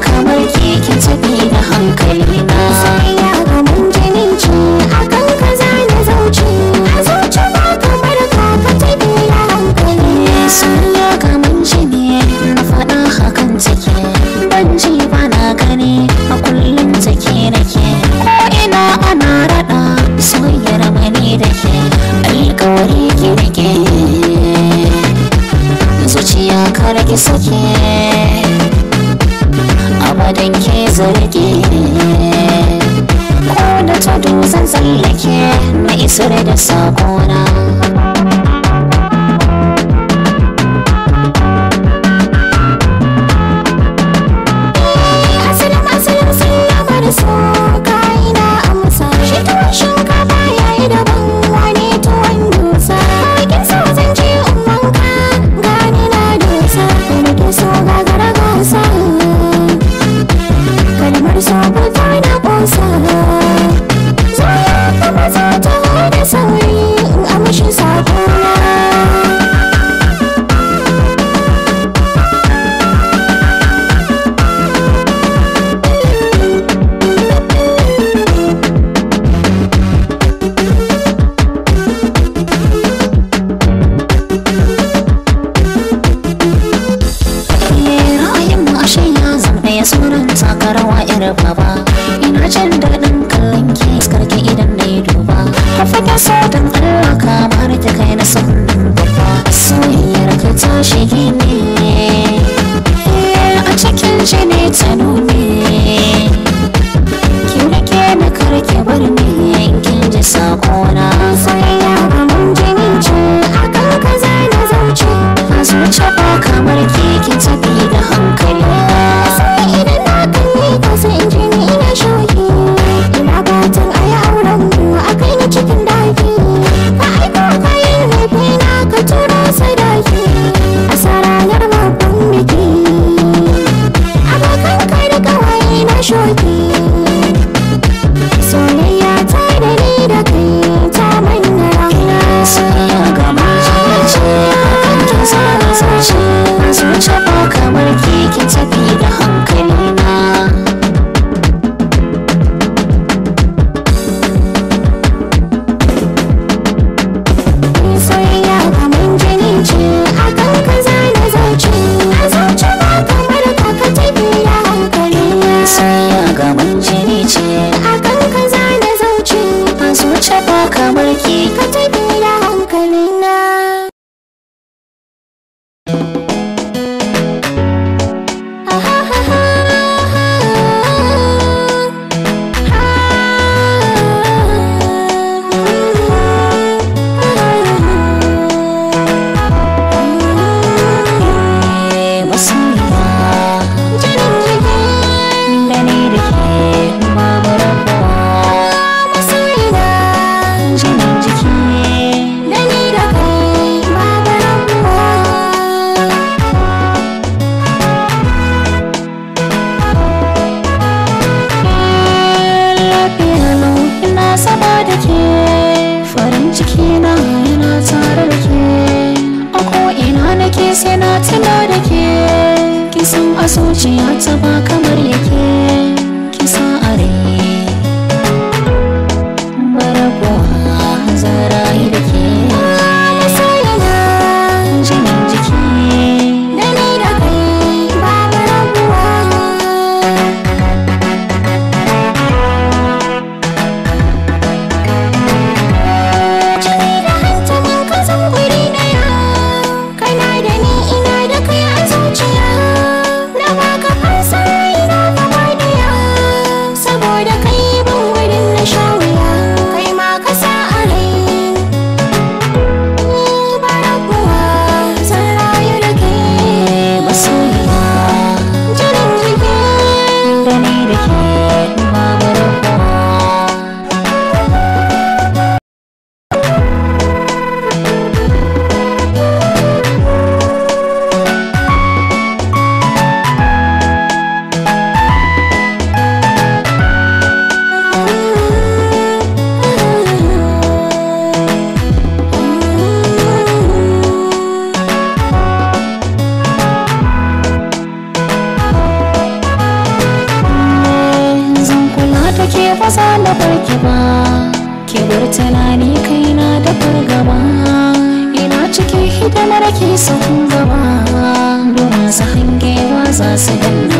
kamar keke tafi da hankali na Soyayya ga mun jinin ce akan kaza na zauce A zuci ba kamar ka ka tafi da hankali Soyayya ga mun jini na faɗa hakan take Ban ji na gani a kullum take nake Ko ina ana raɗa soyayyar mani da ke Alƙawari ki Zuciya ka rage sake dan ke zarge da tudu zan tsallake na isar da sakona fata sautin Allah ka bar ta kai na sauran babba soyayyar ka ta shige ne eh, a cikin jini ta nune ki rike na karke bar ne たとかむき立ち tare da ke a ko'ina nake sai na tuna da ke kisan a zuciya ta ba kamar yake kasa da barki ba ki bar tunani kaina da gaba ina cikin hidimar ki sun gaba domin su hangewa za su danna